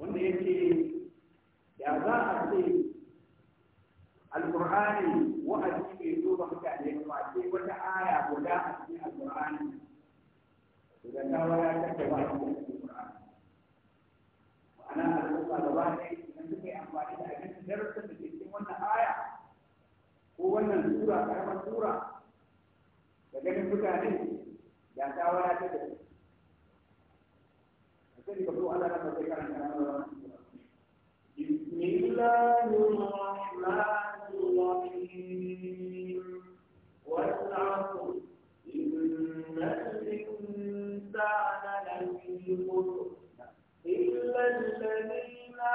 wanda yake ya za a ce alƙur'ani wa'azi bai zo ba mutane ba ce wata aya guda a cikin alƙur'ani da kawo ya tafi ba a cikin alƙur'ani ma'ana a idan suka da abin darasin da cikin wannan aya ko wannan sura da ganin mutane da kawo ya Jadi perlu ada kepentingan yang Bismillahirrahmanirrahim. Wa'alaikum. Innal insana lafi khusr. Illa alladhina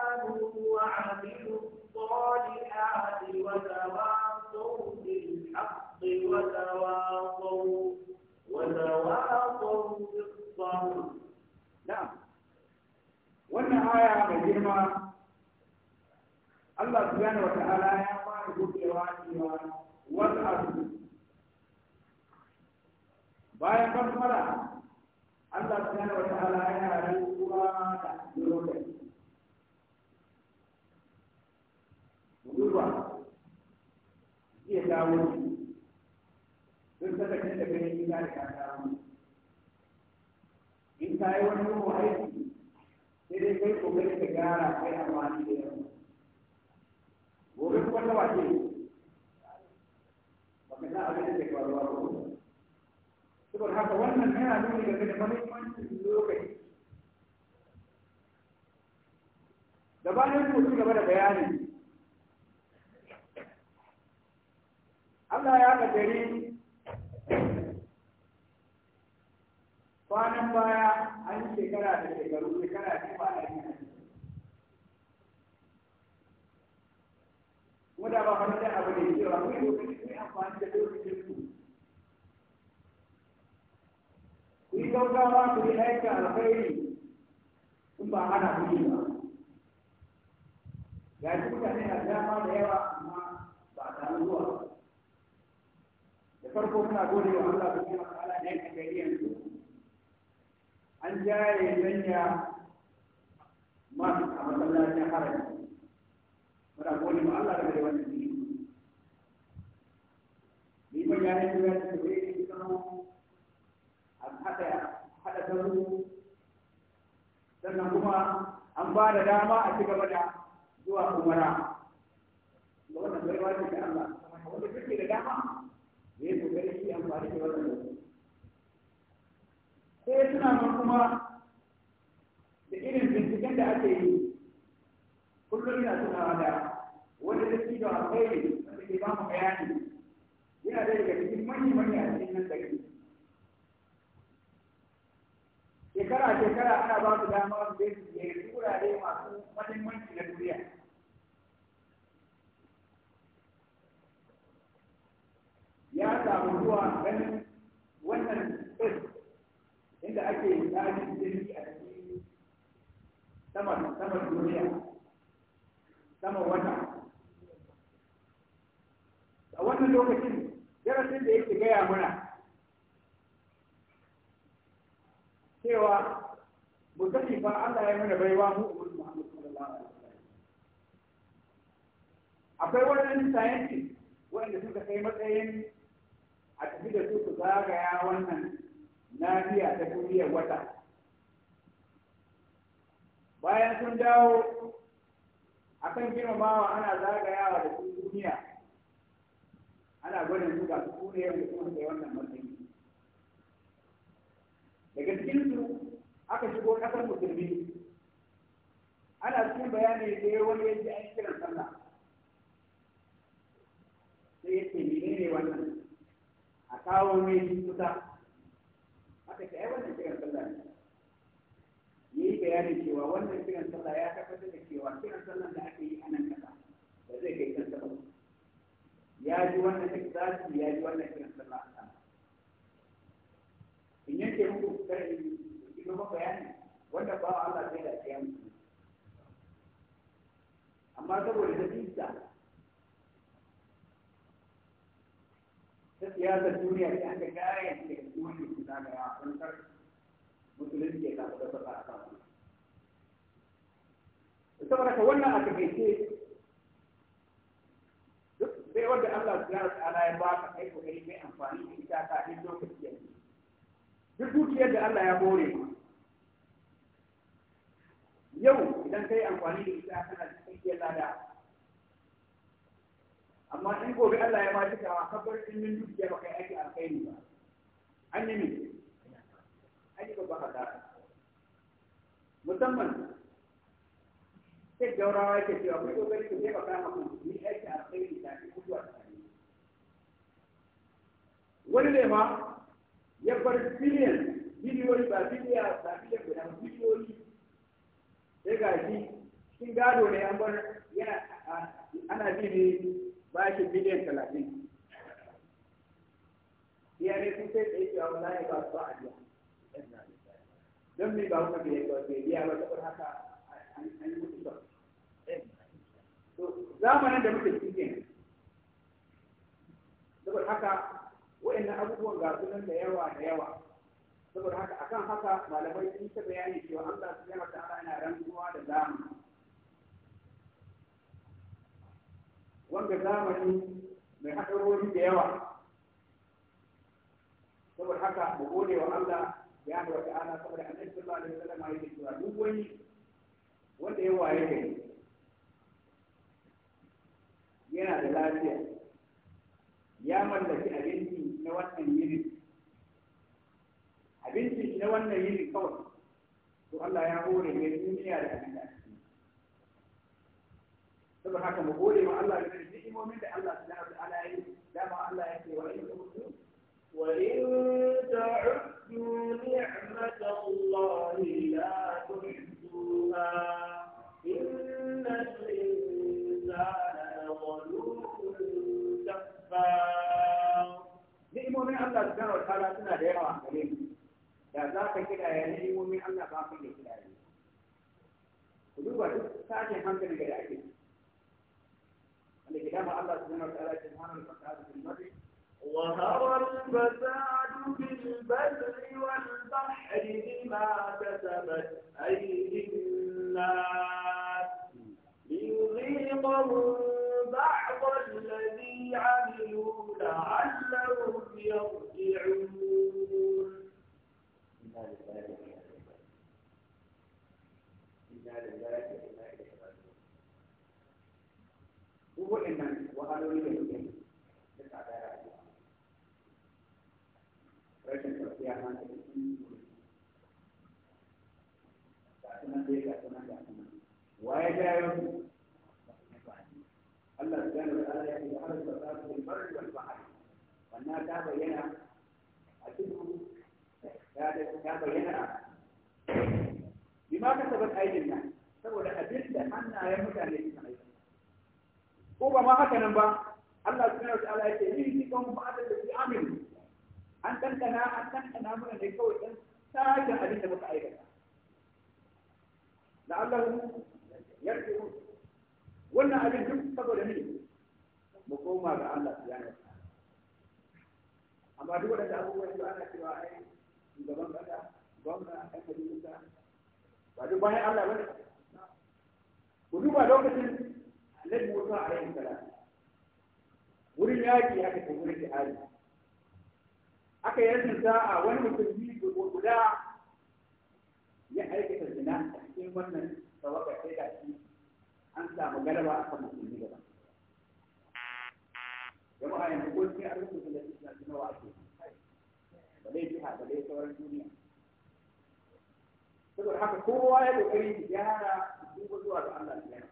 amanu wa 'amilu الصالحات وتواصوا بالحق وتواصوا وتواصوا بالصبر na'am wannan aya mai girma Allah wata wata'ala ya fara gudewa cewa wal ardu bayan basmala Allah subhanahu wata'ala ya rantsuwa da lokaci duba iya dawo duk da kake da kai ina da ka dawo ka a wani mugun aiki sai dai kai kokari ka gyara kai amfani da yawa gobe kuma ta wace ba ka sa abin da ke faruwa ba saboda haka wannan yana nuni game da mahimmancin lokaci da bayan ku ci gaba da bayani Allah ya kaddari kwanan baya kana da shekaru sai kana da ba a yi mu da ba fara da abu ne cewa mu lokaci yi amfani da lokacin ku ku yi gaugawa ku yi aika alkhairi in ba ana kuɗi ba ga shi mutane na dama da yawa amma ba a samu zuwa da farko muna gode wa Allah subhanahu wa ta'ala da yake kai yanzu an jaye sanya masu a masallacin harami muna gode ma Allah da bai wannan jini ba ya yi ya ce ni yi kano a hada hada sauru sannan kuma an ba da dama a ci gaba da zuwa umara ga wannan baiwa wani da Allah wanda kake da dama kuma da irin binciken da ake yi kullum yana tunawa da wani da da akwai wanda ke ba mu bayani yana da daga cikin manyan manyan a cikin nan gari shekara shekara ana ba su dama su je su ziyarci wurare masu mahimmanci na duniya ya samu zuwa ganin wannan inda ake sama sama duniya sama wata a wannan lokacin darasin da yake gaya mana cewa mu sani fa Allah ya mana baiwa mu umar sallallahu alaihi wasallam akwai waɗannan sayanci wanda suka kai matsayin a tafi da su su zagaya wannan nahiya ta duniyar wata bayan sun dawo akan girmamawa ana zagayawa da su duniya ana gwada su ga su ne da kuma kai wannan matsayi daga cikin su aka shigo kasar musulmi ana cikin bayani da ya wani yanzu an kiran sallah sai ya ce menene wannan a kawo mai kusa aka ce ai wannan kiran sallah ne yi bayanin cewa wannan kiran sallah ya tabbatar da cewa kiran sallah da ake yi a nan kasa ba zai kai kan sallah ya ji wannan ikhlasi ya ji wannan kiran sallah a sama in yanke muku kai in ba bayani wanda ba Allah zai da ya mutu amma saboda da bisa ta siyasar duniya da aka kare da kuma wani kusa ga ya musulunci ya tafi da saboda ka wannan a takaice duk sai wanda Allah subhanahu wa ta'ala ya baka kai kokari mai amfani da ita ka din lokaci yanzu duk dukiyar da Allah ya bore ma yau idan kai amfani da ita kana da cikakkiyar lada amma in gobe Allah ya ma cikawa kabar ilmin dukiya ba kai ake alkhairi ba an yi ne an yi ka hasara musamman sai gaurawa yake cewa kai kokari ku ni aiki da wani ne ma ya bar biliyan biliyoyi ba biliya ba biliyan guda biliyoyi sai ga shi cikin gado ne an bar yana ana bi ne ba shi biliyan talatin iya ne sun sai tsaye cewa wallahi ba su ba a biya don me ba kuma bai biya ba saboda haka an yi mutu ba zamanin da muke cikin saboda haka wa'annan abubuwan ga sunan da yawa da yawa saboda haka akan haka malamai sun ta bayani cewa Allah subhanahu wataala yana rantsuwa da zamani wanda zamani mai hadarori da yawa saboda haka mu gode wa Allah ya wa ta'ala saboda annabi sallallahu alaihi wasallam ya ce duk wani wanda ya waye gari yana da lafiya ya mallaki abinci na wannan yini abinci na wannan yini kawai to Allah ya hore ne duniya da abin da saboda haka mu gode ma Allah da ni'imomin da Allah subhanahu wa ta'ala ya yi dama Allah ya ce wa in kuntum wa in ta'uddu ni'matallahi la tuhsuha ni'imomin Allah subhanahu wa ta'ala suna da yawa a gare mu da za ka kira ya ni'imomin Allah ba ka iya kira ya ku duba duk tashin hankali da ake wanda ke dama Allah subhanahu wa ta'ala ke hana da fata da mari وهوى الفساد في البر والبحر بما كسبت أيدي الناس ليذيقهم بعض الذي عملوا لعلهم يرجعون أما تبين أتبه تبين بما كسبت أيدي الناس saboda abin da hannayen mutane suka mai ko ba ma haka nan ba Allah subhanahu wa ta'ala yake yin cikin ba'da da amin an tantana an tantana mana ne kawai dan sakin abin da muka aikata da Allah ya ce wannan abin duk saboda ne mu koma ga Allah subhanahu amma duk wadanda abubuwan da ana cewa ai shugaban kasa gwamna ɗan majalisa ba duk bayan Allah bane ku duba lokacin Annabi Musa alaihi salam wurin yaki aka ce wurin jihadi aka yi rashin sa'a wani mutum biyu guda ya aikata zina a cikin wannan tawaga sai da shi an samu galaba a kan musulmi gaba jama'a yanzu ko cikin arzikin da suna nawa ake ba zai jiha ba zai sauran duniya saboda haka kowa ya kokari ya gyara duba zuwa ga Allah da yana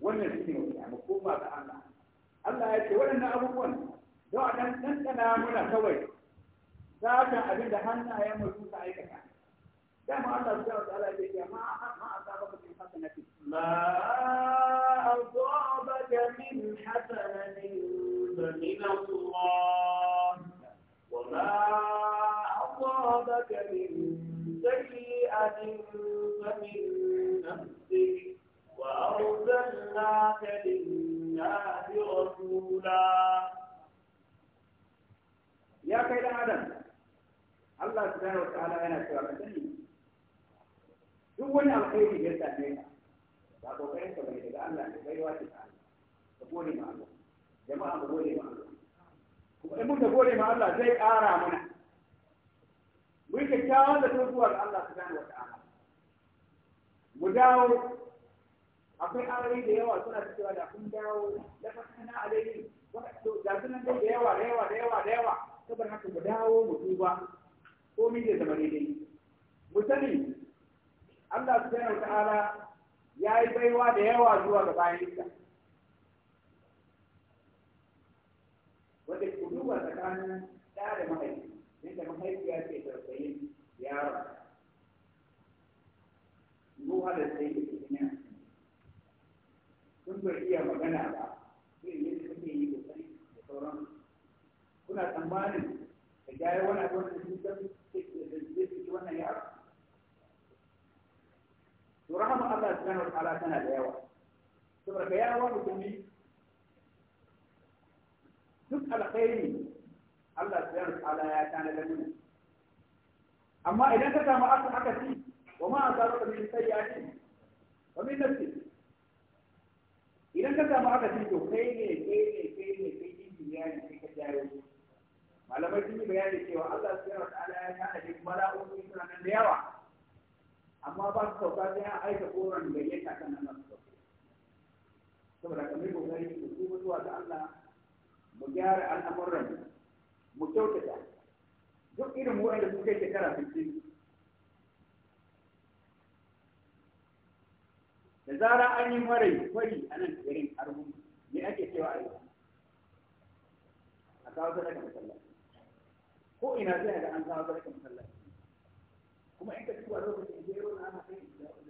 wannan shi ne wata mu koma ga Allah Allah ya ce waɗannan abubuwan don a ɗan ɗanɗana muna kawai za ka abin da hannayen mu suka aikata dama Allah subhanahu wa ta'ala ya ce ma ma asabaka min hasanatin ma asabaka min hasanatin min Allah na. أصابك من سيئة فمن نفسك وأرسلناك للناس رسولا يا كيد آدم الله سبحانه وتعالى أنا سوى duk wani alkhairi ya same ka ba kai ka bai daga Allah ne bai wata ta Allah ka gode ma Allah jama'a ka gode ma Allah in muka gode ma Allah zai ƙara mana mu yi kyakkyawan da ta zuwa ga Allah su gane wata ala mu dawo akwai ayoyi da yawa suna cewa da kun dawo da fasana alaihi da sunan da yawa da yawa da yawa da yawa saboda haka mu dawo mu duba ko min da zama daidai mu sani Allah subhanahu wa ta'ala ya yi baiwa da yawa zuwa ga bayansa mutuwa tsakanin ɗa da mahaifi yadda mahaifiya ke tausayin yaron ruwa da sai da duniya sun bai iya magana ba irin yadda suke yi kokari da sauran kuna tsammanin da gyara wani abin da sun san zai fi wannan yaro to rahama Allah subhanahu wa ta'ala tana da yawa saboda yawa mutumi duk alkhairi Allah yarda ala ya da mana amma idan ka samu aka aka ci wa ma azabaka min sayyati wa min nafsi idan ka samu aka ci to kai ne kai ne kai ne kai injiniya ne kai ka jayo malamai sun yi bayani cewa Allah subhanahu ta'ala ya tanada mala'ikun suna nan da yawa amma ba su sauka sai an aika koran gayyata kan nan su sauka saboda kamar kokari su zuwa da Allah mu gyara al'amuran mu kyautata duk irin wanda suka kai shekara 60 da zara an yi marai kwari a nan irin harbun me ake cewa a yi a kawo sadaka masallaci ko ina zai da an kawo sadaka masallaci kuma in ka ci wani lokacin da yaro na ana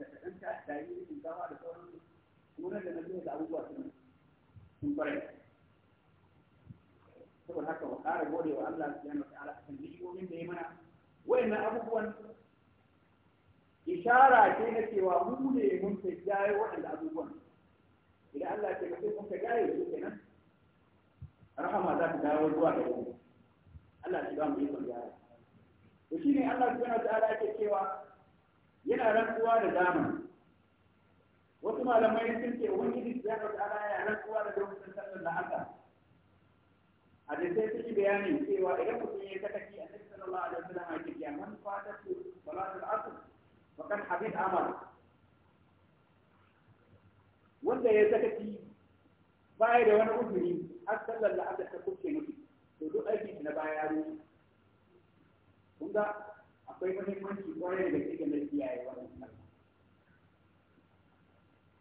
da ɗan ta da yi shinkafa da sauran sunan da na zai da abubuwa sun sun fara saboda haka wa ƙara gode wa Allah subhanahu akan ni'imomin da ya mana wayannan abubuwan ishara ce na cewa mu ne mun ta jaye waɗanda abubuwan idan Allah ce kace mun ta jaye su kenan rahama za ta dawo zuwa da mu Allah shi ba mu yi jaye to shine Allah subhanahu wa yake cewa yana rantsuwa da zamani wasu malamai sun ce ubangiji subhanahu da ta'ala rantsuwa da lokacin sallar da haka hadisai sun yi bayanin cewa idan mutum ya sakaci a cikin sallallahu alaihi wasallam a cikin yaman fatar su salatul asr wa kan habib amal wanda ya sakaci baya da wani uzuri har sallar da aka kuke mutu to duk aiki shi na baya ya rushe kun ga akwai muhimmanci kwarai da gaske da kiyaye wannan sallah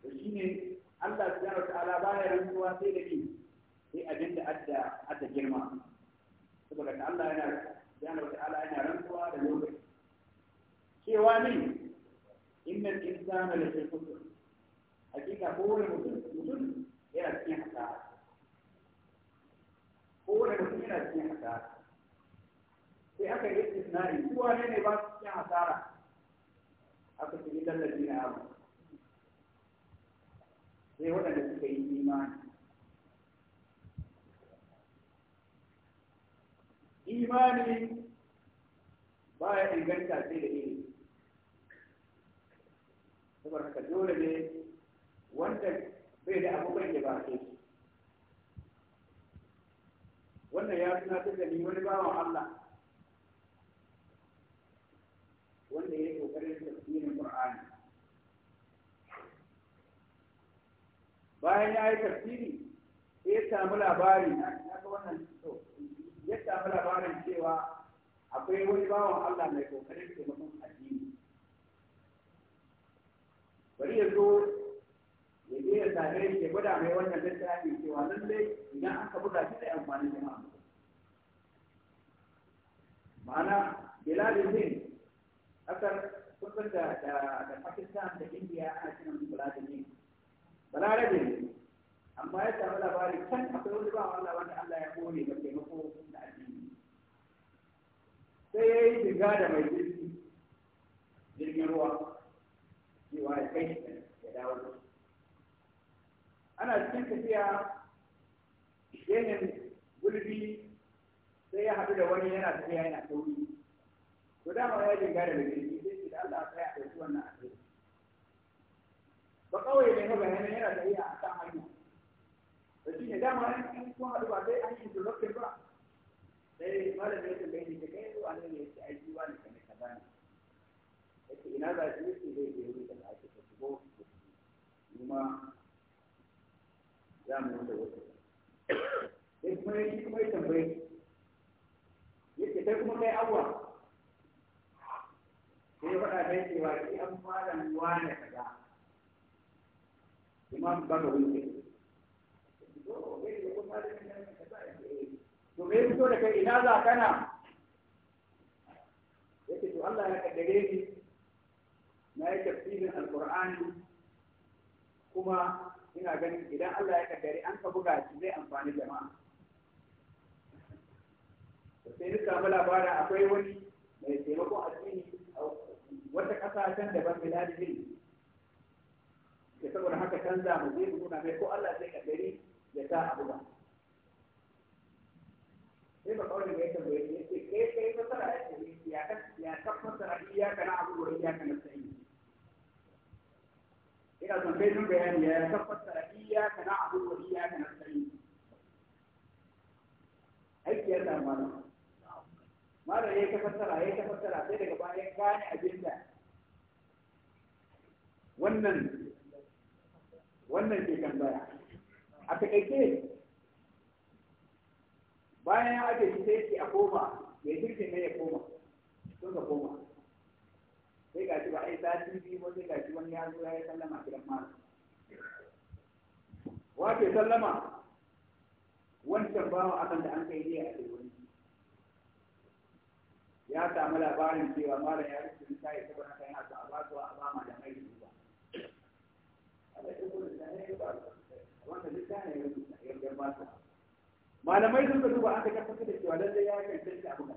to shine Allah subhanahu wa ta'ala baya rantsuwa sai da ni sai abin da adda girma saboda ta Allah yana yana wata Allah yana rantsuwa da lokaci cewa ne innal insana da fi khusr hakika kowane mutum mutum yana cikin hasara kowane mutum yana cikin hasara sai aka yi istisnai su wane ne ba su cikin hasara aka ce idan da jina sai waɗanda suka yi imani imani ba ya inganta sai da ilimi saboda haka dole ne wanda bai da abubuwan ya ba ke wannan ya ta da ni wani bawan Allah wanda ya yi kokarin tafsirin Qur'ani bayan ya yi tafsiri sai ya samu labari na ga wannan to ya samu labarin cewa akwai wani bawan Allah mai kokarin taimakon addini bari ya zo ya je ya same ya gwada mai wannan littafi cewa lallai idan aka buga shi zai amfani jama'a ma'ana bilalin din kasar kusur da da Pakistan da India ana kiran su biladin din ne. amma ya samu labarin can akwai wani bawan Allah wanda Allah ya kore da taimako sai ya yi shiga da mai jirgi jirgin ruwa cewa ya kai shi ya dawo ana cikin tafiya yanin gulbi sai ya haɗu da wani yana tafiya yana sauri to dama ya shiga da mai jirgi sai da Allah sai ya ɗauki wannan asiri ba kawai ne ba yana yana tafiya a kan hanya da shi ne dama in kun haɗu ba sai an yi lokacin ba sai malamin ya tambaye ni kai yanzu a ya ce ai jiwa ne kamar kaza ne yake ina za ki zai wuri ake ta shigo kuma za mu wuce wasu sai kuma ya kuma ya tambaye yake sai kuma kai awwa sai faɗa mai cewa shi an malam wane kaza imam baka wuce to me fito da kai ina za kana yake to Allah ya kaddare ni na yi tafsirin alkur'ani kuma ina ganin idan Allah ya kaddare an ka buga shi zai amfani jama'a sai duka mala labarin akwai wani mai taimakon addini wata ƙasa can daban biladi ne da saboda haka canza mu zai nuna mai ko Allah zai kaddare ya sa abu ba زي ما قال الجاهل الوالي ايه كيف طلعت اياك اياك مثلا اياك نعبد واياك نستعين إلى ذنبين بيان يا كفت إياك نعبد وإياك نستعين أي كيف ماذا ماذا هي كفتر هي كفتر هذه كباية كان أجندة wannan wannan ke kan baya a takaice bayan ya ajiye sai yake a koma mai girkin mai ya koma sun ka koma sai ga shi ba ai sati biyu ko sai ga shi wani ya zo ya yi sallama gidan malam wace sallama wancan bawa akan da an kai ne a cikin ya samu labarin cewa malam ya rufe ta yi saboda kan yana a basu a ba ma da mai ruwa wanda duk da ne ya rubuta ya ta malamai sun duba aka tabbatar da cewa lalle ya cancanta abu ba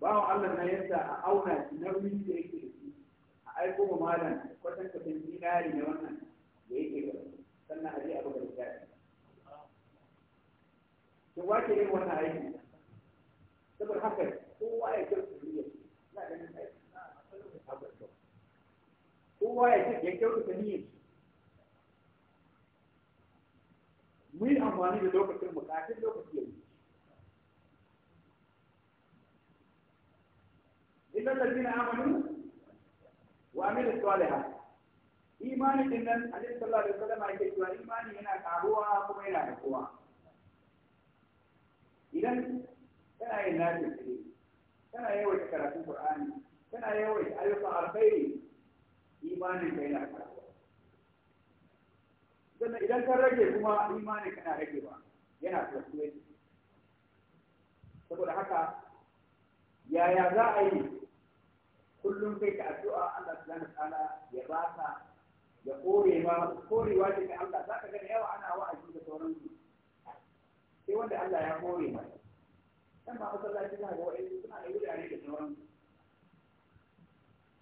bawan Allah na yadda a auna shi nauyin da yake da shi a aiko ma malam kwatan bin dinari na wannan da yake da sannan aje abu da lissafi to wace ne wannan aiki saboda haka kowa ya su niyyar na ganin aiki kowa ya kyautu niyyar mu yi amfani da lokacin mu kafin lokacin yau idan da dina amanu wa amir saliha imani din nan alayhi sallallahu alaihi yake cewa imani yana karuwa kuma yana da kowa idan kana yin nafi kana yawan karatun qur'ani kana yawan ayyuka alkhairi imani kai na karuwa sannan idan ka rage kuma imani kana rage ba yana fluctuating saboda haka yaya za a yi kullum kai ka addu'a Allah subhanahu ta'ala ya ba ka ya kore ma korewa ce ga Allah zaka ga yawa ana wa'azi da sauran su sai wanda Allah ya kore ma dan ba masallaci za ga wa'azi suna da wurare da sauran su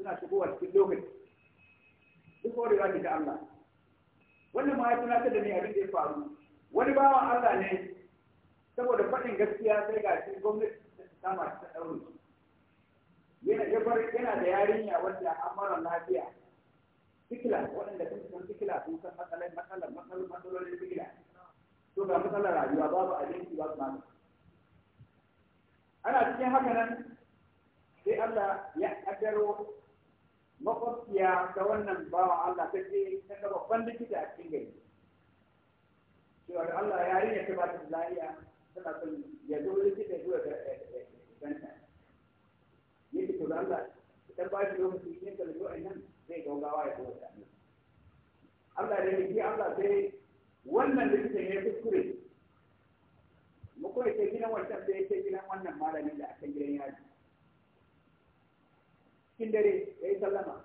suna shigowa cikin lokaci duk korewa ce ga Allah wannan ma ya tunatar da ni abin da ya faru wani bawan Allah ne saboda faɗin gaskiya sai ga shi gwamnati ta ma ta ɗaure yana da yarinya wanda an mara lafiya sikila waɗanda sun san sikila sun san matsalar matsalar matsalar matsalolin sikila to ga matsalar rayuwa babu abinci babu magani ana cikin haka nan sai Allah ya ƙaddaro makwabciya ta wannan bawa Allah ta ce ta ga babban likita a cikin gari cewa da Allah ya yi ta ba ta lafiya tana son ya zo likita ya zuwa ganta ya ce to da Allah ta ba shi lokaci ne ta zuwa nan zai gaugawa ya zuwa ta Allah da yake Allah sai wannan likita ne kuskure mu kuma ce gina wancan sai ya ce gina wannan malamin da a akan gidan yaji cikin dare ya yi sallama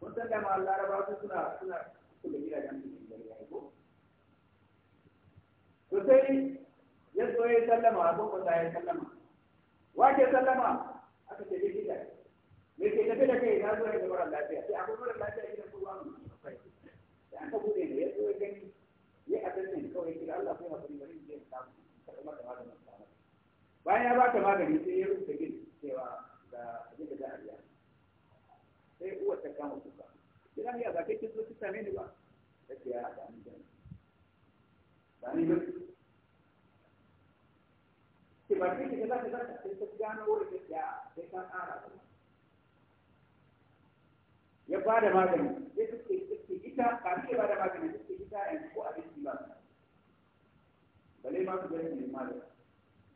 kun san dama laraba su suna suna kula gidajen cikin dare ya yi ko to sai ya so ya yi sallama a kokota ya yi sallama ke sallama aka ce dai gida me ke tafi da kai na zo ya ga mara lafiya sai akwai mara lafiya gidan kowa Sai an aka bude ne ya so ya gani ya ne kawai kira Allah ko hakuri bari ya samu karɓar da maganin bayan ya ba ta magani sai ya rubuta gini cewa da abin da za a biya sai uwar ta kama kuka kina ya ba kai kin zo ki same ni ba take ya da ni ba ni ba ki ba kai ki za ka za ka sai ta gano wurin da ya sai ka ƙara ya ba da magani sai suke suke ita ba ke ba da magani suke ita yanzu ko abinci ba balai ma su gani ne ma da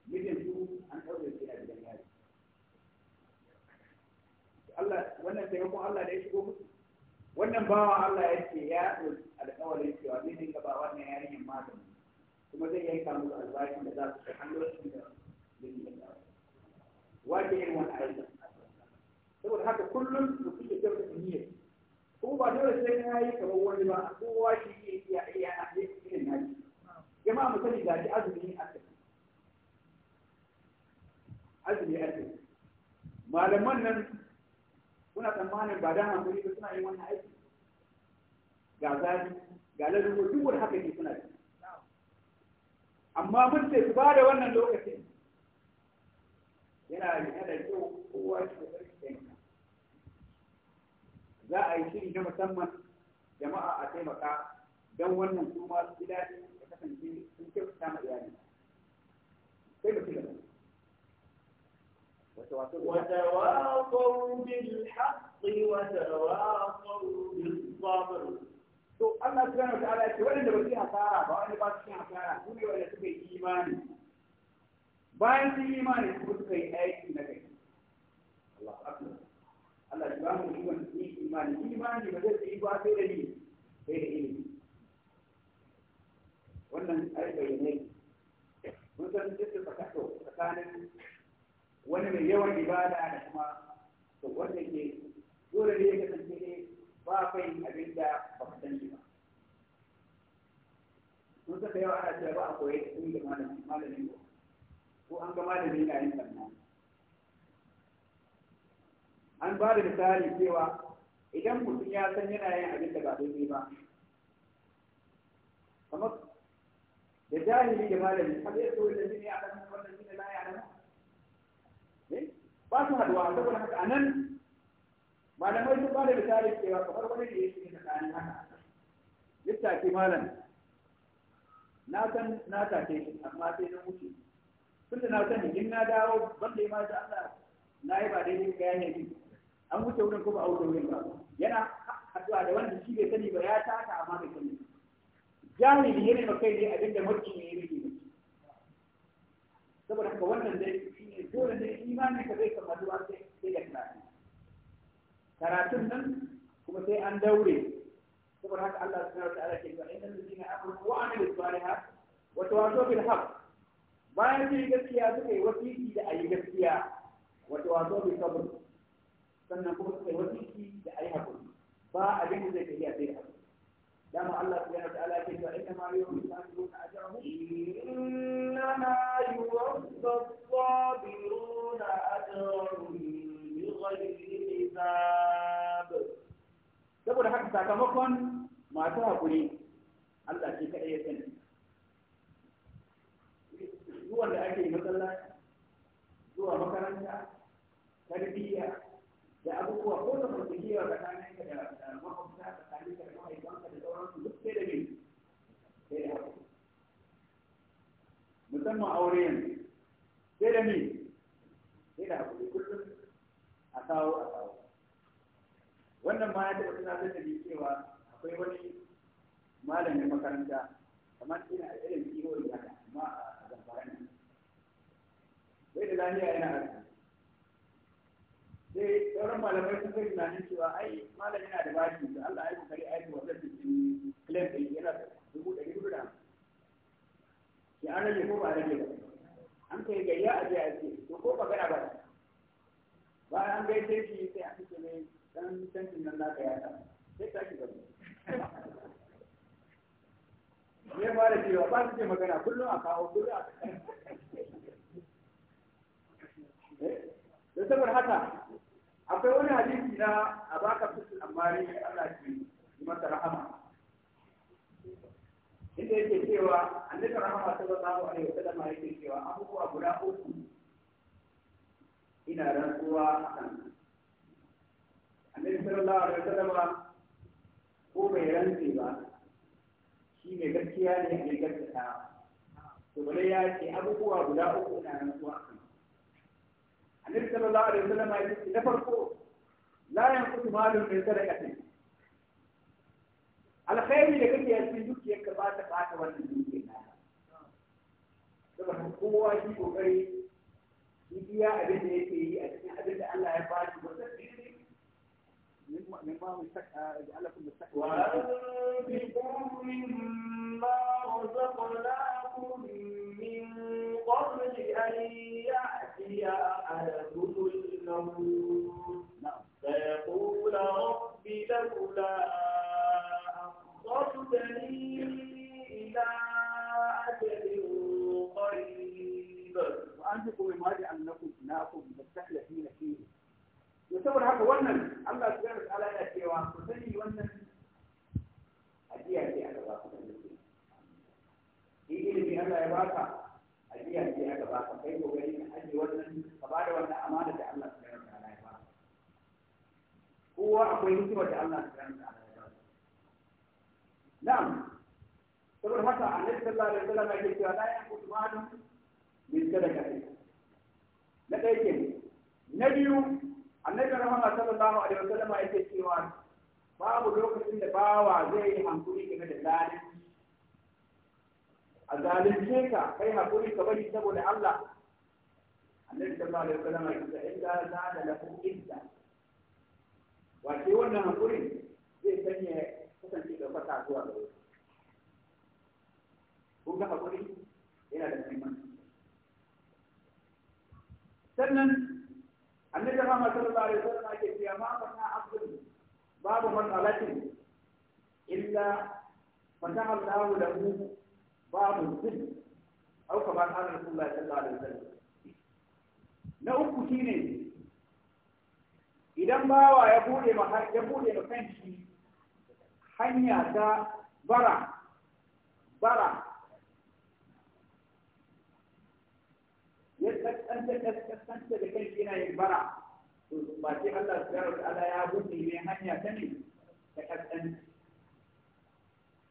mijin su an ɗaure shi a gidan Allah wannan taimakon Allah da ya shigo musu wannan bawa Allah ya ce ya ɗauki alƙawarin cewa zai dinga ba wannan yarinyar magani kuma zai yanka musu albashin da za su kai hannun da zai da wace yin wani aiki saboda haka kullum mutum ya tabbata niyyar ko ba dole sai na yi kamar wani ba kowa shi iya iya a cikin nashi jama'a mu sani gaji azumi a cikin azumi a cikin malaman nan kuna tsammanin ba da hankali ba suna yin wannan aiki ga zafi ga lalubo duk wani haka ne suna yi amma mun ce su ba da wannan lokacin yana da da kyau kowa shi da sarki za a yi shiri na musamman jama'a a taimaka don wannan su ma su ji daɗi da kasance sun kyautata ma iyali sai mutum da mutum وتواصوا بالحق وتواصوا بالصبر to Allah subhanahu wataala ce waɗanda ba su hasara ba wanda ba su hasara su ne wanda suka yi imani bayan sun yi imani kuma suka yi aiki na kai Allah akbar Allah ya ba mu ikon yi imani imani ba zai yi ba sai da ni sai da ilimi wannan aikin ne mun san duk da tsakanin wani mai yawan ibada da kuma to wanda ke dole ne ya kasance ne ba kai abin da ba ka san shi ba mun saka yawa ana cewa ba a koyi sun da malami ba, ko ko an ga malami na yin sannan an ba da misali cewa idan mutum ya san yana yin abin da ba daidai ba kamar da jahili da malami har ya so jini ne a kan wannan shi da la ya alamu ba su haduwa saboda haka a nan malamai sun bada misali cewa kamar wani da ya shi tsakanin haka littafi malam na san na tace shi amma sai na wuce tunda na sani in na dawo banda ma da Allah na yi ba daidai ga yayin yi an wuce wurin kuma a wuce wurin ba yana haduwa da wanda shi bai sani ba ya taka amma bai sani jahili yana kai ne abinda mutum ya yi saboda haka wannan dai shi ne dole ne imani ka zai kamar ruwa sai da karatu karatun nan kuma sai an daure saboda haka Allah subhanahu wa ta'ala ke cewa innal ladina amanu wa amilu salihat wa tawasaw bil haqq bayan sun gaskiya suka yi wasiki da ayi gaskiya wa tawasaw bil sabr sannan kuma suka yi wasiki da ayi hakuri ba abin da zai tafiya sai da hakuri dama Allah subhanahu wa ta'ala ke cewa inna ma yuwaffa sabiruna ajrahum inna ma yuwaffa sabiruna ajrahum saboda haka sakamakon masu hakuri Allah ce kaɗai ya sani zuwan da ake masallaci zuwa makaranta tarbiyya da abubuwa ko da mutum kewa ka da makwabta ka da sauransu duk sai da gini sai da haƙuri musamman aure yanzu sai da mi sai da haƙuri kullum a kawo a kawo wannan ma ya taɓa tunatar da ni cewa akwai wani malamin makaranta kamar ina a irin kiwo da amma a zamfara ne sai da lafiya yana arziki sai sauran malamai sun kai tunanin cewa ai malam yana da bashi da Allah ya kokari aiki wannan cikin claim din yana da dubu ɗari hudu da ya an rage ko ba rage ba an kai gayya a je a ce to ko magana ba ba an gaishe shi sai a fice mai dan tantin nan naka ya ta sai ta ki gaba ya fara cewa ba su ce magana kullum a kawo kullum a eh? da saboda haka akwai wani hadisi na a baka fitin amari Allah ke masa rahama inda yake cewa annabi rahama sallallahu alaihi dama yake cewa abubuwa guda uku ina rantsuwa kan annabi sallallahu alaihi wasallam ko bai rantsi ba shi mai gaskiya ne a gaskiya to bare ya ce abubuwa guda uku ina rantsuwa kan annabi sallallahu alaihi wasallam ya ce na farko la yanqutu malun min sadaqati alkhairi da kake yi dukiyar ka ba ta bata wannan dukiyar ka kowa shi kokari shi iya abin da yi a cikin abin Allah ya ba shi wata وأنفقوا مما رزقناكم قبل أن يأتي أحدكم الموت نعم. فيقول رب لولا أخرتني إلى أجل قريب وأنتم مما جعلناكم أناكم تستحلفين فيه يعتبر هذا ونن الله سبحانه وتعالى يا سيوا وسني ونن أجي أجي أنا باكم إيه اللي أنا يباكم iya ce a ba ka kai kokari ka ajiye wannan ka ba da wannan amana da Allah subhanahu wa ta'ala ya ba kowa akwai hikimar da Allah subhanahu wa ta'ala ya ba na'am saboda haka annabi sallallahu alaihi wasallam yake cewa la yanqutu malu min sadaqati na ɗaya ke na biyu annabi rahama sallallahu alaihi wasallam yake cewa babu lokacin da bawa zai yi hankuri game da ladan a zalunce ka kai hakuri ka bari saboda Allah annabi sallallahu alaihi wasallam ya ce da zada lahu illa wace wannan hakuri zai sanya kasance da fata zuwa ga wani kun ga hakuri yana da muhimmanci sannan annabi Muhammad sallallahu alaihi wasallam ya ce ma kana abdul babu matsalatin illa fataha Allahu lahu babu zin au kamar an rasulullah sallallahu alaihi wasallam na uku shine idan bawa ya bude ma har ya bude ma kanshi hanya ta bara bara ya tsakanta tsakanta da kanshi yana yin bara to ba sai Allah subhanahu wa ta'ala ya bude ne hanya ta ne ta kasance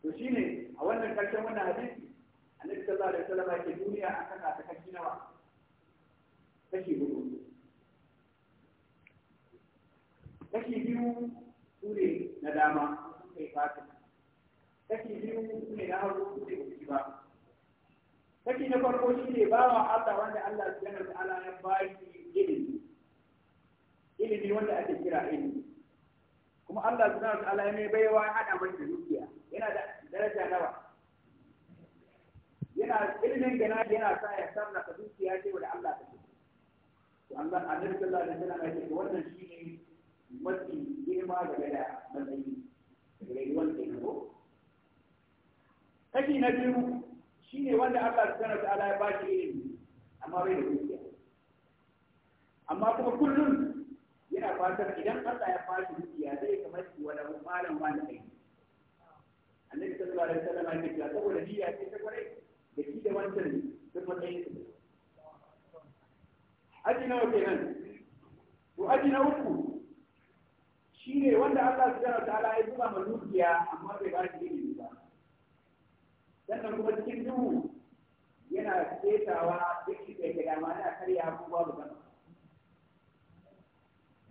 to shine a wannan karshen wannan hadisi annabi sallallahu alaihi wasallam ke duniya an kasa ta kashi nawa kashi hudu kashi biyu su ne na dama su kai fatin kashi biyu su ne na hagu sune ba su ba kashi na farko shi ne ba wa Allah wanda Allah subhanahu wa ta'ala ya ba shi ilimi ilimi wanda ake kira ilimi kuma Allah subhanahu wa ta'ala ya mai baiwa hada mai da dukiya yana da daraja nawa yana ilimin gana yana sa ya sarrafa ya ce da Allah ta to Allah annabi sallallahu alaihi wasallam ya ce wannan shine mafi girma game da matsayi da yi da ya ko kashi na biyu ne wanda Allah sanar da ta'ala ya ba shi ilimi amma bai da dukiya amma kuma kullum yana fatar idan Allah ya fashi dukiya zai kamar shi wani malam wani kai annabi sallallahu alaihi wasallam ya ce saboda niyya ce ta kwarai da shi da wancan duk matsayin su aji nawa kenan to aji na uku shi ne wanda Allah subhanahu wa ta'ala ya zuba ma dukiya amma bai ba shi ilimi ba sannan kuma cikin duhu yana ketawa duk shi da yake dama yana karya abubuwa ba ba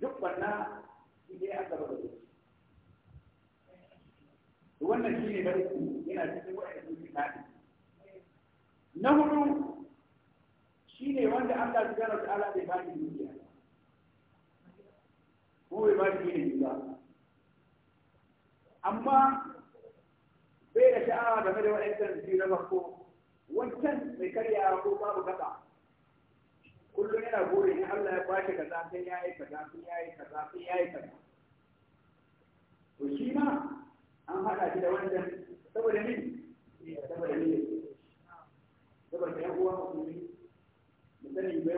duk banna shi ne aka raba da wannan shi ne da uku yana cikin wa'annan dukiya na hudu shi ne wanda Allah ya gano ta'ala bai ba shi dukiya ko bai ba shi ne ba amma bai da sha'awa game da wa'ancan biyu na farko wancan mai karya ko babu kasa kullum yana gore ne Allah ya bashi kaza sai ya yi kaza sai ya yi kaza sai ya yi kaza to shi ma an haɗa shi da wancan saboda ni saboda ni saboda yan uwa musulmi misali bai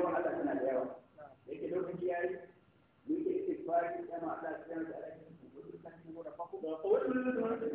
da yawa da yake lokaci yayi mu yake istighfari ya ma da alaƙa da kuma da